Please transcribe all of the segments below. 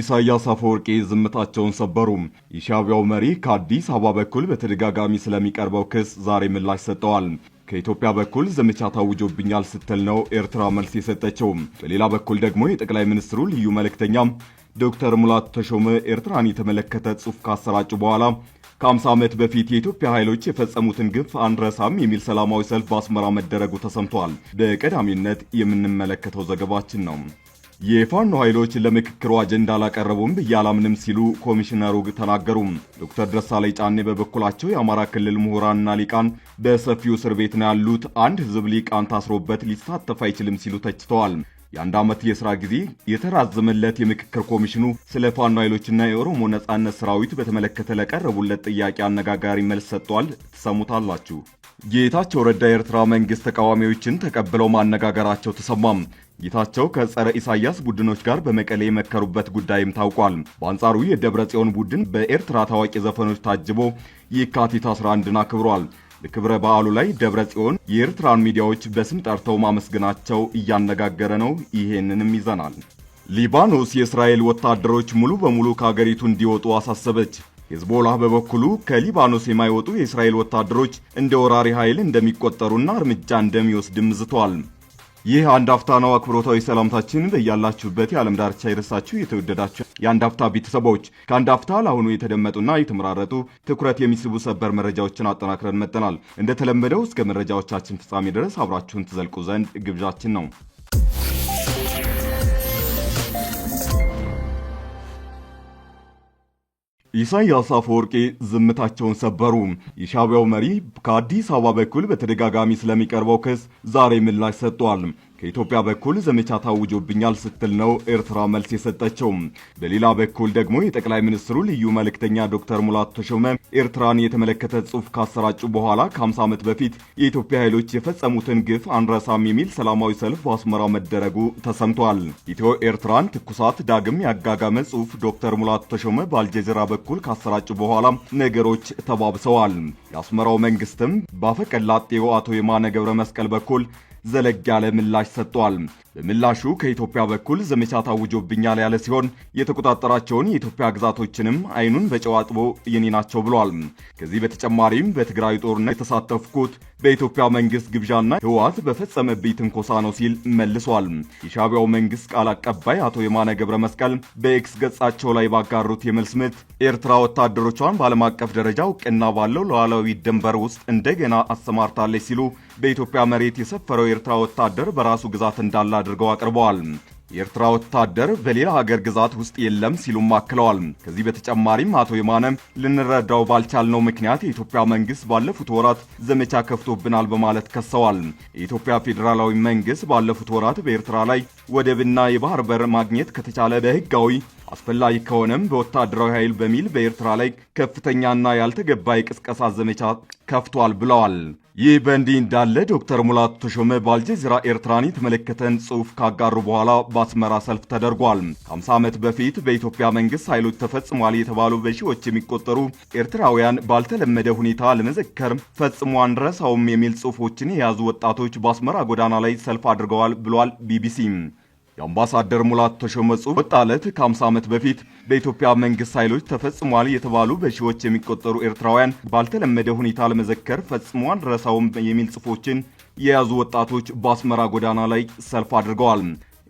ኢሳያስ አፈወርቂ ዝምታቸውን ሰበሩ። የሻቢያው መሪ ከአዲስ አበባ በኩል በተደጋጋሚ ስለሚቀርበው ክስ ዛሬ ምላሽ ሰጠዋል። ከኢትዮጵያ በኩል ዘመቻ ታውጆብኛል ስትል ነው ኤርትራ መልስ የሰጠችው። በሌላ በኩል ደግሞ የጠቅላይ ሚኒስትሩ ልዩ መልእክተኛ ዶክተር ሙላቱ ተሾመ ኤርትራን የተመለከተ ጽሑፍ ካሰራጩ በኋላ ከ50 ዓመት በፊት የኢትዮጵያ ኃይሎች የፈጸሙትን ግፍ አንረሳም የሚል ሰላማዊ ሰልፍ በአስመራ መደረጉ ተሰምቷል። በቀዳሚነት የምንመለከተው ዘገባችን ነው። የፋኖ ኃይሎች ለምክክሩ አጀንዳ አላቀረቡም ብዬ አላምንም ሲሉ ኮሚሽነሩ ተናገሩ። ዶክተር ደሳለኝ ጫኔ በበኩላቸው የአማራ ክልል ምሁራንና ሊቃን በሰፊው እስር ቤት ነው ያሉት፣ አንድ ህዝብ ሊቃን ታስሮበት ሊሳተፍ አይችልም ሲሉ ተችተዋል። የአንድ ዓመት የሥራ ጊዜ የተራዘመለት የምክክር ኮሚሽኑ ስለ ፋኖ ኃይሎችና የኦሮሞ ነጻነት ሰራዊት በተመለከተ ለቀረቡለት ጥያቄ አነጋጋሪ መልስ ሰጥቷል። ትሰሙታላችሁ። ጌታቸው ረዳ የኤርትራ መንግሥት ተቃዋሚዎችን ተቀብለው ማነጋገራቸው ተሰማም። ጌታቸው ከጸረ ኢሳያስ ቡድኖች ጋር በመቀሌ የመከሩበት ጉዳይም ታውቋል። በአንጻሩ የደብረ ጽዮን ቡድን በኤርትራ ታዋቂ ዘፈኖች ታጅቦ የካቲት 11ን አክብሯል። በክብረ በዓሉ ላይ ደብረ ጽዮን የኤርትራን ሚዲያዎች በስም ጠርተው ማመስገናቸው እያነጋገረ ነው። ይሄንንም ይዘናል። ሊባኖስ የእስራኤል ወታደሮች ሙሉ በሙሉ ከአገሪቱ እንዲወጡ አሳሰበች። ሄዝቦላህ በበኩሉ ከሊባኖስ የማይወጡ የእስራኤል ወታደሮች እንደ ወራሪ ኃይል እንደሚቆጠሩና እርምጃ እንደሚወስድም ዝቷል። ይህ አንድ አፍታ ነው። አክብሮታዊ ሰላምታችን በያላችሁበት የዓለም ዳርቻ ይድረሳችሁ። የተወደዳችሁ የአንድ አፍታ ቤተሰቦች ከአንድ አፍታ ለአሁኑ የተደመጡና የተመራረጡ ትኩረት የሚስቡ ሰበር መረጃዎችን አጠናክረን መጥተናል። እንደተለመደው እስከ መረጃዎቻችን ፍጻሜ ድረስ አብራችሁን ትዘልቁ ዘንድ ግብዣችን ነው። ኢሳያስ አፈወርቂ ዝምታቸውን ሰበሩ። የሻቢያው መሪ ከአዲስ አበባ በኩል በተደጋጋሚ ስለሚቀርበው ክስ ዛሬ ምላሽ ሰጥቷል። ከኢትዮጵያ በኩል ዘመቻ ታውጆብኛል ስትል ነው ኤርትራ መልስ የሰጠችው። በሌላ በኩል ደግሞ የጠቅላይ ሚኒስትሩ ልዩ መልእክተኛ ዶክተር ሙላቱ ተሾመ ኤርትራን የተመለከተ ጽሑፍ ካሰራጩ በኋላ ከ50 ዓመት በፊት የኢትዮጵያ ኃይሎች የፈጸሙትን ግፍ አንረሳም የሚል ሰላማዊ ሰልፍ በአስመራ መደረጉ ተሰምቷል። ኢትዮ ኤርትራን ትኩሳት ዳግም ያጋጋመ ጽሑፍ ዶክተር ሙላቱ ተሾመ በአልጀዚራ በኩል ካሰራጩ በኋላ ነገሮች ተባብሰዋል። የአስመራው መንግስትም በአፈቀላጤው አቶ የማነ ገብረ መስቀል በኩል ዘለግ ያለ ምላሽ ሰጥቷል። በምላሹ ከኢትዮጵያ በኩል ዘመቻ ታውጆብኛል ያለ ሲሆን የተቆጣጠራቸውን የኢትዮጵያ ግዛቶችንም አይኑን በጨዋጥቦ አጥቦ የኔ ናቸው ብሏል። ከዚህ በተጨማሪም በትግራይ ጦርነት የተሳተፍኩት በኢትዮጵያ መንግስት ግብዣና ህወሓት በፈጸመብኝ ትንኮሳ ነው ሲል መልሷል። የሻቢያው መንግስት ቃል አቀባይ አቶ የማነ ገብረ መስቀል በኤክስ ገጻቸው ላይ ባጋሩት የመልስ ምት ኤርትራ ወታደሮቿን በዓለም አቀፍ ደረጃ እውቅና ባለው ሉዓላዊ ድንበር ውስጥ እንደገና አሰማርታለች ሲሉ በኢትዮጵያ መሬት የሰፈረው የኤርትራ ወታደር በራሱ ግዛት እንዳለ አድርገው አቅርበዋል። የኤርትራ ወታደር በሌላ ሀገር ግዛት ውስጥ የለም ሲሉም አክለዋል። ከዚህ በተጨማሪም አቶ የማነ ልንረዳው ባልቻልነው ምክንያት የኢትዮጵያ መንግስት ባለፉት ወራት ዘመቻ ከፍቶብናል በማለት ከሰዋል። የኢትዮጵያ ፌዴራላዊ መንግስት ባለፉት ወራት በኤርትራ ላይ ወደብና የባህር በር ማግኘት ከተቻለ በህጋዊ አስፈላጊ ከሆነም በወታደራዊ ኃይል በሚል በኤርትራ ላይ ከፍተኛና ያልተገባ የቅስቀሳ ዘመቻ ከፍቷል ብለዋል። ይህ በእንዲህ እንዳለ ዶክተር ሙላቱ ተሾመ በአልጀዚራ ኤርትራን የተመለከተን ጽሑፍ ካጋሩ በኋላ በአስመራ ሰልፍ ተደርጓል። ከ50 ዓመት በፊት በኢትዮጵያ መንግስት ኃይሎች ተፈጽሟል የተባሉ በሺዎች የሚቆጠሩ ኤርትራውያን ባልተለመደ ሁኔታ ለመዘከር ፈጽሞ አንረሳውም የሚል ጽሑፎችን የያዙ ወጣቶች በአስመራ ጎዳና ላይ ሰልፍ አድርገዋል ብሏል ቢቢሲ። የአምባሳደር ሙላት ተሾመ ጽሑፍ ወጥ ከ50 ዓመት በፊት በኢትዮጵያ መንግስት ኃይሎች ተፈጽሟል የተባሉ በሺዎች የሚቆጠሩ ኤርትራውያን ባልተለመደ ሁኔታ ለመዘከር ፈጽሞ አንረሳውም የሚል ጽፎችን የያዙ ወጣቶች በአስመራ ጎዳና ላይ ሰልፍ አድርገዋል።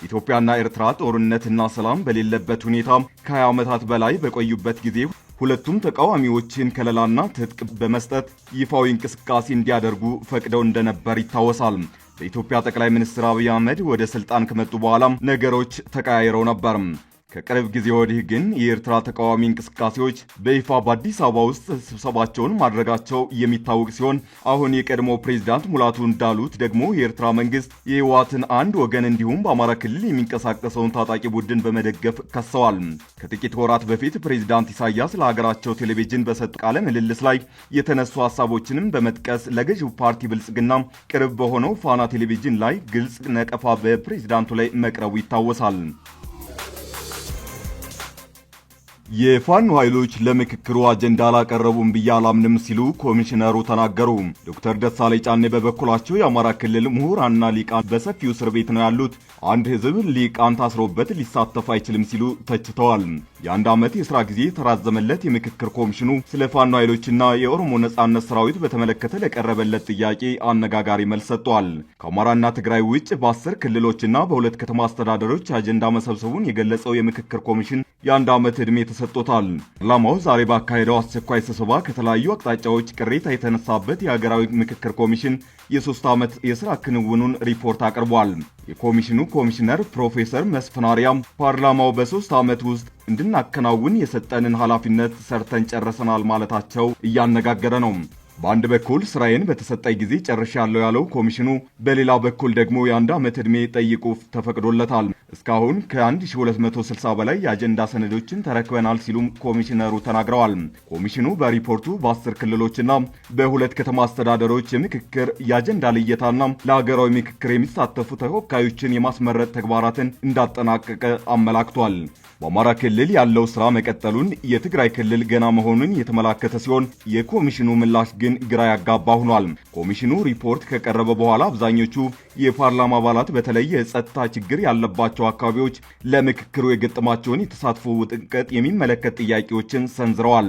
ኢትዮጵያና ኤርትራ ጦርነትና ሰላም በሌለበት ሁኔታ ከ20 ዓመታት በላይ በቆዩበት ጊዜ ሁለቱም ተቃዋሚዎችን ከለላና ትጥቅ በመስጠት ይፋዊ እንቅስቃሴ እንዲያደርጉ ፈቅደው እንደነበር ይታወሳል። የኢትዮጵያ ጠቅላይ ሚኒስትር አብይ አህመድ ወደ ስልጣን ከመጡ በኋላም ነገሮች ተቀያይረው ነበር። ከቅርብ ጊዜ ወዲህ ግን የኤርትራ ተቃዋሚ እንቅስቃሴዎች በይፋ በአዲስ አበባ ውስጥ ስብሰባቸውን ማድረጋቸው የሚታወቅ ሲሆን አሁን የቀድሞ ፕሬዚዳንት ሙላቱ እንዳሉት ደግሞ የኤርትራ መንግስት የህወሓትን አንድ ወገን እንዲሁም በአማራ ክልል የሚንቀሳቀሰውን ታጣቂ ቡድን በመደገፍ ከሰዋል። ከጥቂት ወራት በፊት ፕሬዚዳንት ኢሳያስ ለሀገራቸው ቴሌቪዥን በሰጡ ቃለ ምልልስ ላይ የተነሱ ሀሳቦችንም በመጥቀስ ለገዢው ፓርቲ ብልጽግና ቅርብ በሆነው ፋና ቴሌቪዥን ላይ ግልጽ ነቀፋ በፕሬዚዳንቱ ላይ መቅረቡ ይታወሳል። የፋኖ ኃይሎች ለምክክሩ አጀንዳ አላቀረቡም ብዬ አላምንም ሲሉ ኮሚሽነሩ ተናገሩ። ዶክተር ደሳለኝ ጫኔ በበኩላቸው የአማራ ክልል ምሁራንና ሊቃን በሰፊው እስር ቤት ነው ያሉት፣ አንድ ህዝብ ሊቃን ታስሮበት ሊሳተፍ አይችልም ሲሉ ተችተዋል። የአንድ ዓመት የሥራ ጊዜ የተራዘመለት የምክክር ኮሚሽኑ ስለ ፋኖ ኃይሎችና የኦሮሞ ነጻነት ሰራዊት በተመለከተ ለቀረበለት ጥያቄ አነጋጋሪ መልስ ሰጥቷል። ከአማራና ትግራይ ውጭ በአስር ክልሎችና በሁለት ከተማ አስተዳደሮች አጀንዳ መሰብሰቡን የገለጸው የምክክር ኮሚሽን የአንድ ዓመት ዕድሜ ተሰጥቶታል። ፓርላማው ዛሬ ባካሄደው አስቸኳይ ስብሰባ ከተለያዩ አቅጣጫዎች ቅሬታ የተነሳበት የሀገራዊ ምክክር ኮሚሽን የሶስት ዓመት የሥራ ክንውኑን ሪፖርት አቅርቧል። የኮሚሽኑ ኮሚሽነር ፕሮፌሰር መስፍን አርያም ፓርላማው በሦስት ዓመት ውስጥ እንድናከናውን የሰጠንን ኃላፊነት ሰርተን ጨርሰናል ማለታቸው እያነጋገረ ነው። በአንድ በኩል ስራዬን በተሰጠኝ ጊዜ ጨርሻለሁ ያለው ኮሚሽኑ፣ በሌላ በኩል ደግሞ የአንድ ዓመት ዕድሜ ጠይቁ ተፈቅዶለታል። እስካሁን ከ1260 በላይ የአጀንዳ ሰነዶችን ተረክበናል ሲሉም ኮሚሽነሩ ተናግረዋል። ኮሚሽኑ በሪፖርቱ በአስር ክልሎችና በሁለት ከተማ አስተዳደሮች የምክክር የአጀንዳ ልየታና ለሀገራዊ ምክክር የሚሳተፉ ተወካዮችን የማስመረጥ ተግባራትን እንዳጠናቀቀ አመላክቷል። በአማራ ክልል ያለው ስራ መቀጠሉን፣ የትግራይ ክልል ገና መሆኑን የተመላከተ ሲሆን የኮሚሽኑ ምላሽ ግን ግራ ያጋባ ሆኗል። ኮሚሽኑ ሪፖርት ከቀረበ በኋላ አብዛኞቹ የፓርላማ አባላት በተለይ የጸጥታ ችግር ያለባቸው ባላቸው አካባቢዎች ለምክክሩ የገጠማቸውን የተሳትፎ ውጥንቀት የሚመለከት ጥያቄዎችን ሰንዝረዋል።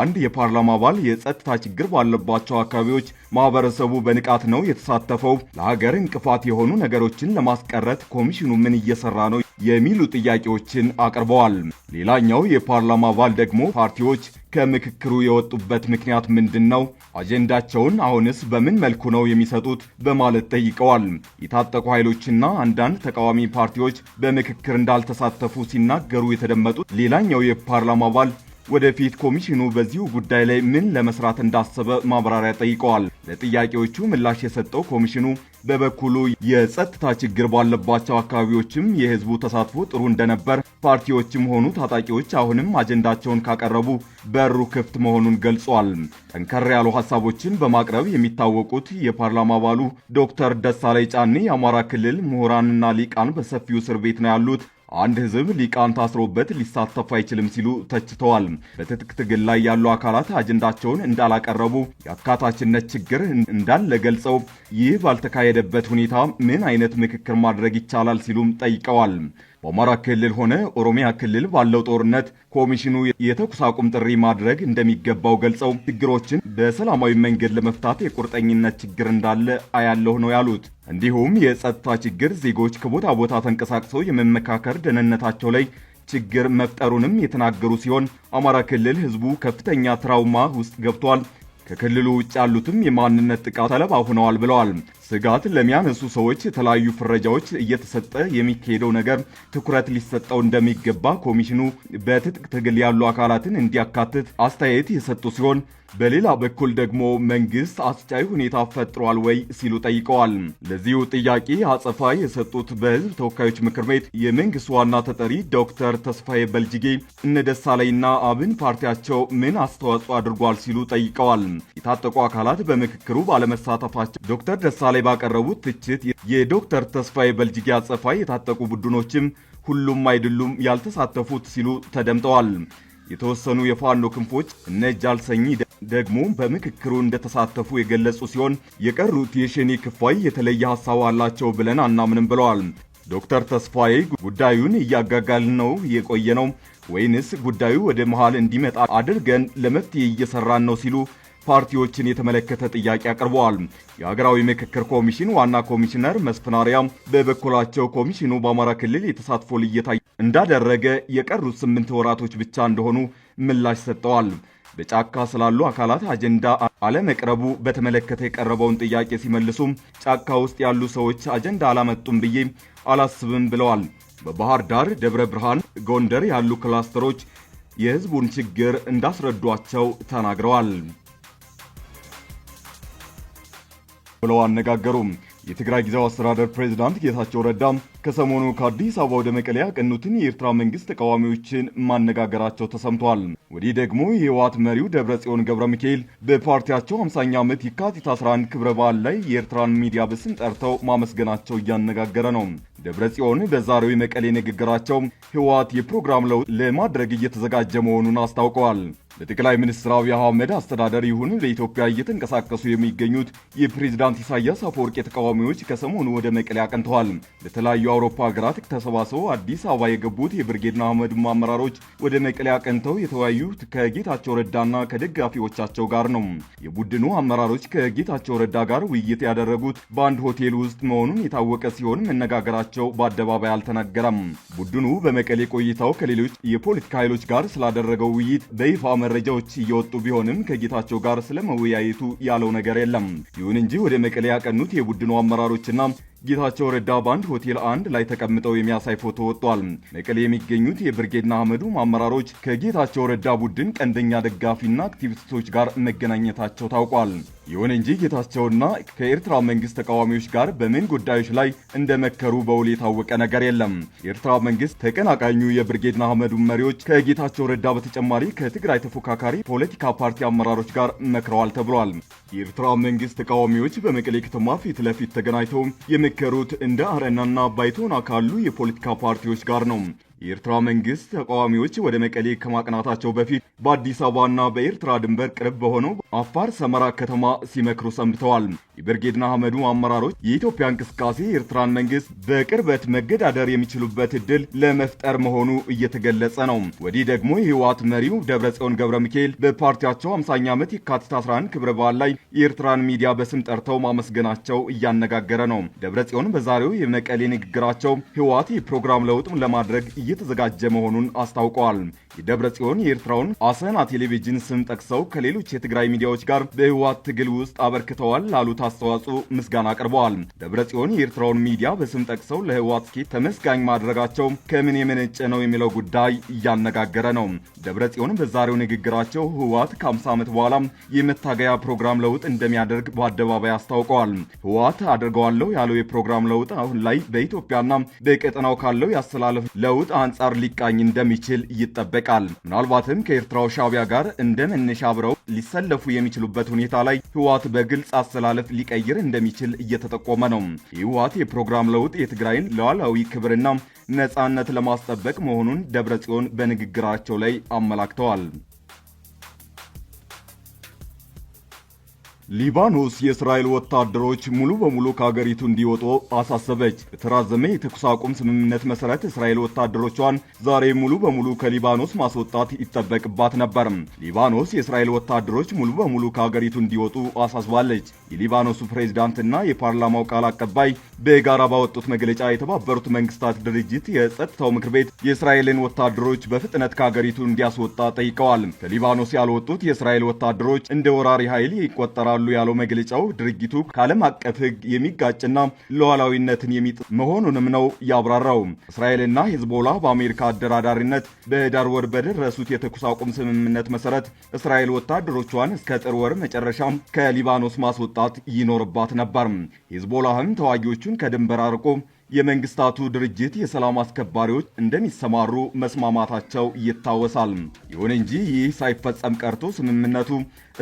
አንድ የፓርላማ አባል የጸጥታ ችግር ባለባቸው አካባቢዎች ማህበረሰቡ በንቃት ነው የተሳተፈው፣ ለሀገር እንቅፋት የሆኑ ነገሮችን ለማስቀረት ኮሚሽኑ ምን እየሰራ ነው የሚሉ ጥያቄዎችን አቅርበዋል። ሌላኛው የፓርላማ አባል ደግሞ ፓርቲዎች ከምክክሩ የወጡበት ምክንያት ምንድን ነው? አጀንዳቸውን አሁንስ በምን መልኩ ነው የሚሰጡት? በማለት ጠይቀዋል። የታጠቁ ኃይሎችና አንዳንድ ተቃዋሚ ፓርቲዎች በምክክር እንዳልተሳተፉ ሲናገሩ የተደመጡት ሌላኛው የፓርላማ አባል ወደፊት ኮሚሽኑ በዚሁ ጉዳይ ላይ ምን ለመስራት እንዳሰበ ማብራሪያ ጠይቀዋል። ለጥያቄዎቹ ምላሽ የሰጠው ኮሚሽኑ በበኩሉ የጸጥታ ችግር ባለባቸው አካባቢዎችም የህዝቡ ተሳትፎ ጥሩ እንደነበር፣ ፓርቲዎችም ሆኑ ታጣቂዎች አሁንም አጀንዳቸውን ካቀረቡ በሩ ክፍት መሆኑን ገልጿል። ጠንከር ያሉ ሀሳቦችን በማቅረብ የሚታወቁት የፓርላማ አባሉ ዶክተር ደሳለኝ ጫኔ የአማራ ክልል ምሁራንና ሊቃን በሰፊው እስር ቤት ነው ያሉት አንድ ህዝብ ሊቃን ታስሮበት ሊሳተፍ አይችልም ሲሉ ተችተዋል። በትጥቅ ትግል ላይ ያሉ አካላት አጀንዳቸውን እንዳላቀረቡ የአካታችነት ችግር እንዳለ ገልጸው ይህ ባልተካሄደበት ሁኔታ ምን አይነት ምክክር ማድረግ ይቻላል ሲሉም ጠይቀዋል። በአማራ ክልል ሆነ ኦሮሚያ ክልል ባለው ጦርነት ኮሚሽኑ የተኩስ አቁም ጥሪ ማድረግ እንደሚገባው ገልጸው ችግሮችን በሰላማዊ መንገድ ለመፍታት የቁርጠኝነት ችግር እንዳለ አያለሁ ነው ያሉት። እንዲሁም የጸጥታ ችግር ዜጎች ከቦታ ቦታ ተንቀሳቅሰው የመመካከር ደህንነታቸው ላይ ችግር መፍጠሩንም የተናገሩ ሲሆን አማራ ክልል ህዝቡ ከፍተኛ ትራውማ ውስጥ ገብቷል ከክልሉ ውጭ ያሉትም የማንነት ጥቃት ሰለባ ሆነዋል ብለዋል። ስጋት ለሚያነሱ ሰዎች የተለያዩ ፍረጃዎች እየተሰጠ የሚካሄደው ነገር ትኩረት ሊሰጠው እንደሚገባ ኮሚሽኑ በትጥቅ ትግል ያሉ አካላትን እንዲያካትት አስተያየት የሰጡ ሲሆን በሌላ በኩል ደግሞ መንግስት አስጫይ ሁኔታ ፈጥሯል ወይ ሲሉ ጠይቀዋል። ለዚሁ ጥያቄ አጸፋ የሰጡት በህዝብ ተወካዮች ምክር ቤት የመንግስት ዋና ተጠሪ ዶክተር ተስፋዬ በልጅጌ እነ ደሳለኝና አብን ፓርቲያቸው ምን አስተዋጽኦ አድርጓል ሲሉ ጠይቀዋል። የታጠቁ አካላት በምክክሩ ባለመሳተፋቸው ዶክተር ደሳለኝ ባቀረቡት ትችት የዶክተር ተስፋዬ በልጅጌ አጸፋ የታጠቁ ቡድኖችም ሁሉም አይደሉም ያልተሳተፉት ሲሉ ተደምጠዋል። የተወሰኑ የፋኖ ክንፎች እነ ጃልሰኝ ደግሞ በምክክሩ እንደተሳተፉ የገለጹ ሲሆን የቀሩት የሸኔ ክፋይ የተለየ ሀሳብ አላቸው ብለን አናምንም ብለዋል። ዶክተር ተስፋዬ ጉዳዩን እያጋጋልን ነው የቆየ ነው ወይንስ ጉዳዩ ወደ መሃል እንዲመጣ አድርገን ለመፍትሄ እየሰራን ነው ሲሉ ፓርቲዎችን የተመለከተ ጥያቄ አቅርበዋል። የሀገራዊ ምክክር ኮሚሽን ዋና ኮሚሽነር መስፍን በበኩላቸው ኮሚሽኑ በአማራ ክልል የተሳትፎ ልየታ እንዳደረገ የቀሩት ስምንት ወራቶች ብቻ እንደሆኑ ምላሽ ሰጥተዋል። በጫካ ስላሉ አካላት አጀንዳ አለመቅረቡ በተመለከተ የቀረበውን ጥያቄ ሲመልሱም ጫካ ውስጥ ያሉ ሰዎች አጀንዳ አላመጡም ብዬ አላስብም ብለዋል። በባህር ዳር፣ ደብረ ብርሃን፣ ጎንደር ያሉ ክላስተሮች የህዝቡን ችግር እንዳስረዷቸው ተናግረዋል ብለው አነጋገሩም። የትግራይ ጊዜያዊ አስተዳደር ፕሬዚዳንት ጌታቸው ረዳ ከሰሞኑ ከአዲስ አበባ ወደ መቀሌ ያቀኑትን የኤርትራ መንግስት ተቃዋሚዎችን ማነጋገራቸው ተሰምቷል። ወዲህ ደግሞ የህወሓት መሪው ደብረጽዮን ገብረ ሚካኤል በፓርቲያቸው 50ኛ ዓመት የካቲት 11 ክብረ በዓል ላይ የኤርትራን ሚዲያ በስም ጠርተው ማመስገናቸው እያነጋገረ ነው። ጽዮን በዛሬው የመቀሌ ንግግራቸው ህወሓት የፕሮግራም ለውጥ ለማድረግ እየተዘጋጀ መሆኑን አስታውቀዋል። ለጠቅላይ ሚኒስትር አብይ አህመድ አስተዳደር ይሁን ለኢትዮጵያ እየተንቀሳቀሱ የሚገኙት የፕሬዝዳንት ኢሳያስ አፈወርቂ ተቃዋሚዎች ከሰሞኑ ወደ መቀሌ አቅንተዋል። በተለያዩ አውሮፓ ሀገራት ተሰባስበው አዲስ አበባ የገቡት የብርጌድና አህመድ አመራሮች ወደ መቀሌ አቅንተው የተወያዩት ከጌታቸው ረዳና ከደጋፊዎቻቸው ጋር ነው። የቡድኑ አመራሮች ከጌታቸው ረዳ ጋር ውይይት ያደረጉት በአንድ ሆቴል ውስጥ መሆኑን የታወቀ ሲሆን መነጋገራቸው በአደባባይ አልተነገረም። ቡድኑ በመቀሌ ቆይታው ከሌሎች የፖለቲካ ኃይሎች ጋር ስላደረገው ውይይት በይፋ መረጃዎች እየወጡ ቢሆንም ከጌታቸው ጋር ስለመወያየቱ ያለው ነገር የለም። ይሁን እንጂ ወደ መቀሌ ያቀኑት የቡድኑ አመራሮችና ጌታቸው ረዳ በአንድ ሆቴል አንድ ላይ ተቀምጠው የሚያሳይ ፎቶ ወጥቷል። መቀሌ የሚገኙት የብርጌድና አህመዱ አመራሮች ከጌታቸው ረዳ ቡድን ቀንደኛ ደጋፊና አክቲቪስቶች ጋር መገናኘታቸው ታውቋል። ይሁን እንጂ ጌታቸውና ከኤርትራ መንግስት ተቃዋሚዎች ጋር በምን ጉዳዮች ላይ እንደመከሩ በውል የታወቀ ነገር የለም። የኤርትራ መንግስት ተቀናቃኙ የብርጌድና አህመዱ መሪዎች ከጌታቸው ረዳ በተጨማሪ ከትግራይ ተፎካካሪ ፖለቲካ ፓርቲ አመራሮች ጋር መክረዋል ተብሏል። የኤርትራ መንግስት ተቃዋሚዎች በመቀሌ ከተማ ፊት ለፊት ተገናኝተው የሚመከሩት እንደ አረናና ባይቶና ካሉ የፖለቲካ ፓርቲዎች ጋር ነው። የኤርትራ መንግስት ተቃዋሚዎች ወደ መቀሌ ከማቅናታቸው በፊት በአዲስ አበባና በኤርትራ ድንበር ቅርብ በሆነው አፋር ሰመራ ከተማ ሲመክሩ ሰንብተዋል። የብርጌድና አህመዱ አመራሮች የኢትዮጵያ እንቅስቃሴ የኤርትራን መንግስት በቅርበት መገዳደር የሚችሉበት እድል ለመፍጠር መሆኑ እየተገለጸ ነው። ወዲህ ደግሞ የህወሓት መሪው ደብረጽዮን ገብረ ሚካኤል በፓርቲያቸው 50ኛ ዓመት የካቲት 11 ክብረ በዓል ላይ የኤርትራን ሚዲያ በስም ጠርተው ማመስገናቸው እያነጋገረ ነው። ደብረጽዮን በዛሬው የመቀሌ ንግግራቸው ህወሓት የፕሮግራም ለውጥ ለማድረግ እየተዘጋጀ መሆኑን አስታውቀዋል። የደብረ ጽዮን የኤርትራውን አሰና ቴሌቪዥን ስም ጠቅሰው ከሌሎች የትግራይ ሚዲያዎች ጋር በህወሓት ትግል ውስጥ አበርክተዋል ላሉት አስተዋጽኦ ምስጋና አቅርበዋል። ደብረ ጽዮን የኤርትራውን ሚዲያ በስም ጠቅሰው ለህወሓት ስኬት ተመስጋኝ ማድረጋቸው ከምን የመነጨ ነው የሚለው ጉዳይ እያነጋገረ ነው። ደብረ ጽዮን በዛሬው ንግግራቸው ህወሓት ከ50 ዓመት በኋላ የመታገያ ፕሮግራም ለውጥ እንደሚያደርግ በአደባባይ አስታውቀዋል። ህወሓት አድርገዋለሁ ያለው የፕሮግራም ለውጥ አሁን ላይ በኢትዮጵያና በቀጠናው ካለው ያስተላለፍ ለውጥ አንጻር ሊቃኝ እንደሚችል ይጠበቃል። ምናልባትም ከኤርትራው ሻቢያ ጋር እንደ መነሻ አብረው ሊሰለፉ የሚችሉበት ሁኔታ ላይ ህወሓት በግልጽ አስተላለፍ ሊቀይር እንደሚችል እየተጠቆመ ነው። የህወሓት የፕሮግራም ለውጥ የትግራይን ሉዓላዊ ክብርና ነጻነት ለማስጠበቅ መሆኑን ደብረ ጽዮን በንግግራቸው ላይ አመላክተዋል። ሊባኖስ የእስራኤል ወታደሮች ሙሉ በሙሉ ከሀገሪቱ እንዲወጡ አሳሰበች። የተራዘመ የተኩስ አቁም ስምምነት መሰረት እስራኤል ወታደሮቿን ዛሬ ሙሉ በሙሉ ከሊባኖስ ማስወጣት ይጠበቅባት ነበር። ሊባኖስ የእስራኤል ወታደሮች ሙሉ በሙሉ ከሀገሪቱ እንዲወጡ አሳስባለች። የሊባኖሱ ፕሬዝዳንትና የፓርላማው ቃል አቀባይ በጋራ ባወጡት መግለጫ የተባበሩት መንግስታት ድርጅት የጸጥታው ምክር ቤት የእስራኤልን ወታደሮች በፍጥነት ከሀገሪቱ እንዲያስወጣ ጠይቀዋል። ከሊባኖስ ያልወጡት የእስራኤል ወታደሮች እንደ ወራሪ ኃይል ይቆጠራሉ ያለው መግለጫው ድርጊቱ ከዓለም አቀፍ ሕግ የሚጋጭና ሉዓላዊነትን የሚጥስ መሆኑንም ነው ያብራራው። እስራኤልና ሄዝቦላ በአሜሪካ አደራዳሪነት በህዳር ወር በደረሱት የተኩስ አቁም ስምምነት መሰረት እስራኤል ወታደሮቿን እስከ ጥር ወር መጨረሻ ከሊባኖስ ማስወጣት ይኖርባት ነበር። ሂዝቦላህም ተዋጊዎቹ ኃይሎቹን ከድንበር አርቆ የመንግስታቱ ድርጅት የሰላም አስከባሪዎች እንደሚሰማሩ መስማማታቸው ይታወሳል። ይሁን እንጂ ይህ ሳይፈጸም ቀርቶ ስምምነቱ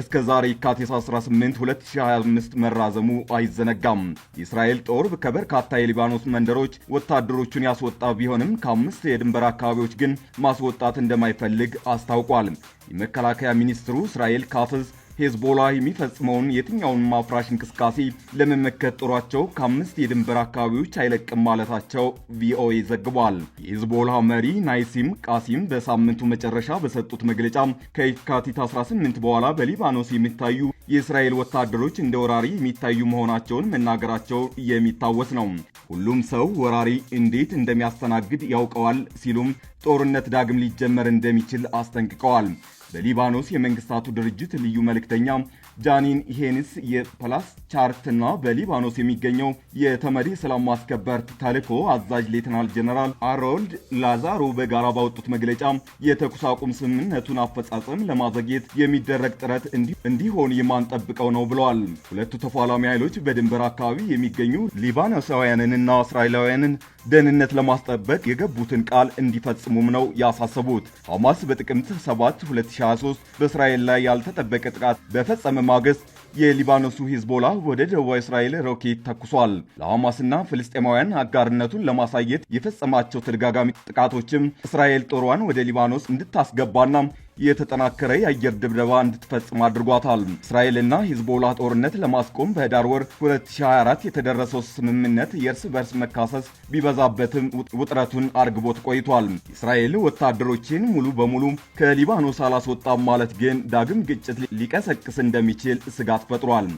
እስከ ዛሬ የካቲት 18 2025 መራዘሙ አይዘነጋም። የእስራኤል ጦር ከበርካታ የሊባኖስ መንደሮች ወታደሮቹን ያስወጣ ቢሆንም ከአምስት የድንበር አካባቢዎች ግን ማስወጣት እንደማይፈልግ አስታውቋል። የመከላከያ ሚኒስትሩ እስራኤል ካትዝ ሄዝቦላ የሚፈጽመውን የትኛውን ማፍራሽ እንቅስቃሴ ለመመከት ጦሯቸው ከአምስት የድንበር አካባቢዎች አይለቅም ማለታቸው ቪኦኤ ዘግቧል። የሄዝቦላ መሪ ናይሲም ቃሲም በሳምንቱ መጨረሻ በሰጡት መግለጫ ከየካቲት 18 በኋላ በሊባኖስ የሚታዩ የእስራኤል ወታደሮች እንደ ወራሪ የሚታዩ መሆናቸውን መናገራቸው የሚታወስ ነው። ሁሉም ሰው ወራሪ እንዴት እንደሚያስተናግድ ያውቀዋል ሲሉም ጦርነት ዳግም ሊጀመር እንደሚችል አስጠንቅቀዋል። በሊባኖስ የመንግስታቱ ድርጅት ልዩ መልእክተኛ ጃኒን ሄንስ የፕላስ ቻርትና በሊባኖስ የሚገኘው የተመድ የሰላም ማስከበር ተልኮ አዛዥ ሌትናል ጀነራል አሮልድ ላዛሮ በጋራ ባወጡት መግለጫ የተኩስ አቁም ስምምነቱን አፈጻጸም ለማዘግየት የሚደረግ ጥረት እንዲሆን የማንጠብቀው ነው ብለዋል። ሁለቱ ተፏላሚ ኃይሎች በድንበር አካባቢ የሚገኙ ሊባኖሳውያንንና እስራኤላውያንን ደህንነት ለማስጠበቅ የገቡትን ቃል እንዲፈጽሙም ነው ያሳሰቡት። ሐማስ በጥቅምት 7 2023 በእስራኤል ላይ ያልተጠበቀ ጥቃት በፈጸመ ማግስት የሊባኖሱ ሂዝቦላ ወደ ደቡብ እስራኤል ሮኬት ተኩሷል። ለሐማስና ፍልስጤማውያን አጋርነቱን ለማሳየት የፈጸማቸው ተደጋጋሚ ጥቃቶችም እስራኤል ጦሯን ወደ ሊባኖስ እንድታስገባና የተጠናከረ የአየር ድብደባ እንድትፈጽም አድርጓታል። እስራኤልና ሂዝቦላ ጦርነት ለማስቆም በህዳር ወር 2024 የተደረሰው ስምምነት የእርስ በርስ መካሰስ ቢበዛበትም ውጥረቱን አርግቦት ቆይቷል። እስራኤል ወታደሮችን ሙሉ በሙሉ ከሊባኖስ አላስወጣም ማለት ግን ዳግም ግጭት ሊቀሰቅስ እንደሚችል ስጋት ፈጥሯል።